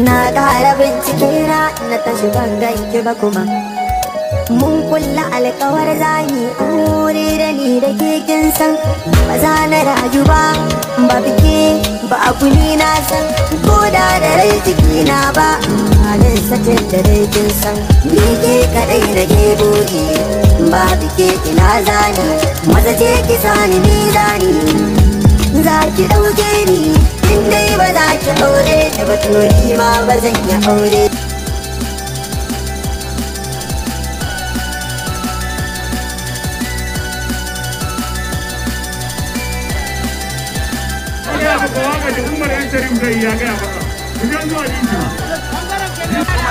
na ƙara bincike na na tashi ban ganki ba kuma mun kulla alkawar zani aure da ni da ke kin san ba za na rayu ba ba bike ba abu ni na san ko da da rai ciki na ba halin sace da dai kin san ni ke kadai da ke buri ba bike ina zani maza ce ki sani ni zani so ni ma ba zan yi aure Umar yan zai ya gaya maka. Ku yanzu a